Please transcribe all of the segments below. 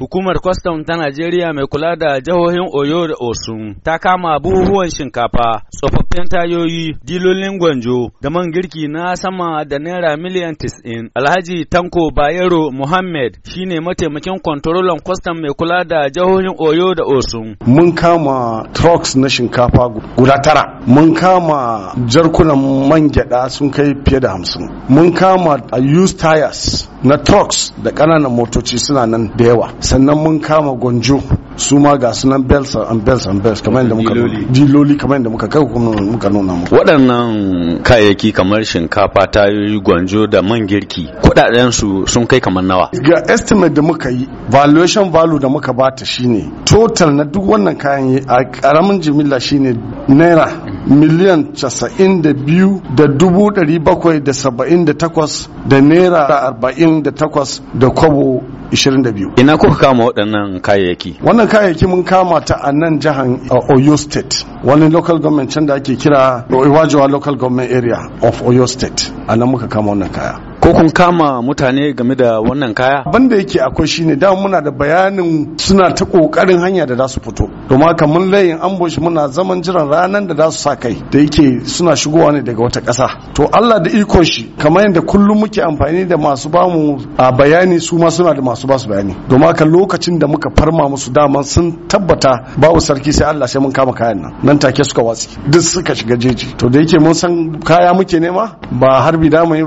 Hukumar kwastam ta Najeriya mai kula da jihohin Oyo da Osun ta kama buhuhuwan shinkafa, tsofaffin tayoyi, dilolin gwanjo da man girki na sama da naira miliyan tis'in. Alhaji Tanko Bayero Muhammad ne mataimakin kwantarolan kwastam mai kula da jihohin Oyo da Osun. Mun kama trucks na shinkafa guda tara. Mun kama jarkunan man gyada sun kai fiye da hamsin. Mun kama used tires na trucks da ƙananan motoci suna nan da yawa. sannan mun kama gwanjo su ma ga sunan bells and bells and bells kamar yadda muka diloli kamar yadda muka kai kuma muka nuna muku waɗannan kayayyaki kamar shinkafa ta yi gwanjo da man girki kuɗaɗen su sun kai kamar nawa ga estimate da muka yi valuation value da muka bata shine total na duk wannan kayan a karamin jimilla shine naira miliyan 92,778 da naira 48 da kwabo 22 ina kuka kama waɗannan kayayyaki wannan kayayyaki mun kama ta a nan jihar oyo state wani local government can da ake kira iwajewa local government area of oyo state a nan muka kama wannan kaya ko kun kama mutane game da wannan kaya banda yake akwai shine da muna da bayanin suna ta kokarin hanya da za su fito domin haka mun layin ambush muna zaman jiran ranar da za su sa kai da yake suna shigowa ne daga wata ƙasa to Allah da iko shi kamar yadda kullum muke amfani da masu bamu a bayani su ma suna da masu basu bayani domin haka lokacin da muka farma musu dama sun tabbata babu sarki sai Allah sai mun kama kayan nan nan take suka watsi duk suka shiga jeji to da yake mun san kaya muke nema ba harbi da mu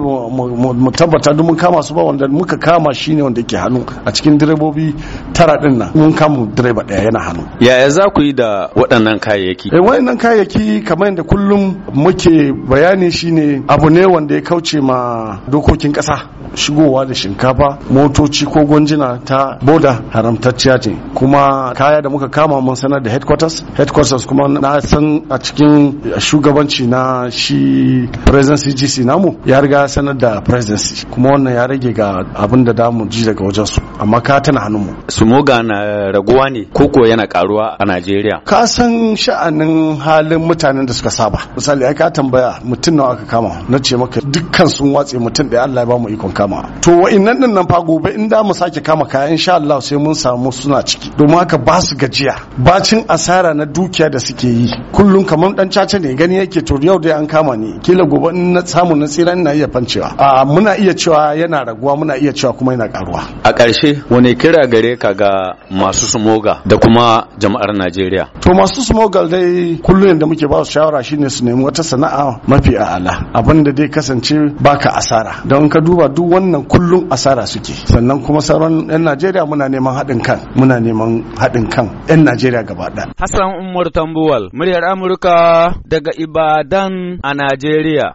tabbata duk mun kama su ba wanda muka kama shine wanda yake hannu a cikin direbobi tara din nan mun kama direba daya yana hannu yaya za ku yi da waɗannan kayayyaki eh waɗannan kayayyaki kamar yadda kullum muke bayani shine abu ne wanda ya kauce ma dokokin ƙasa shigowa da shinkafa motoci ko gwanjina ta boda haramtacciya ce kuma kaya da muka kama mun sanar da headquarters headquarters kuma na san a cikin shugabanci na shi president cgc namu ya riga sanar da president agency kuma wannan ya rage ga abin da damu ji daga wajen su amma ka tana hannunmu sumoga na raguwa ne ko yana karuwa a Najeriya ka san sha'anin halin mutanen da suka saba misali ai ka tambaya mutum nawa aka kama na ce maka dukkan sun watse mutum da Allah ya ba mu ikon kama to wa'annan din nan fa gobe in da mu sake kama kaya insha Allah sai mun samu suna ciki domin haka ba su gajiya bacin asara na dukiya da suke yi kullum kamar dan caca ne gani yake to yau dai an kama ni kila gobe in na samu na tsira ina iya fancewa a mun muna iya cewa yana raguwa muna iya cewa kuma yana karuwa a ƙarshe wani kira gare ka ga masu smoga da kuma jama'ar Najeriya to masu smoga dai kullum da muke ba su shawara shine su nemi wata sana'a mafi a'ala abin da dai kasance baka asara don ka duba duk wannan kullum asara suke sannan kuma sauran 'yan Najeriya muna neman haɗin kan muna neman haɗin kan 'yan Najeriya gaba ɗaya Hassan Umar Tambuwal muryar Amurka daga Ibadan a Najeriya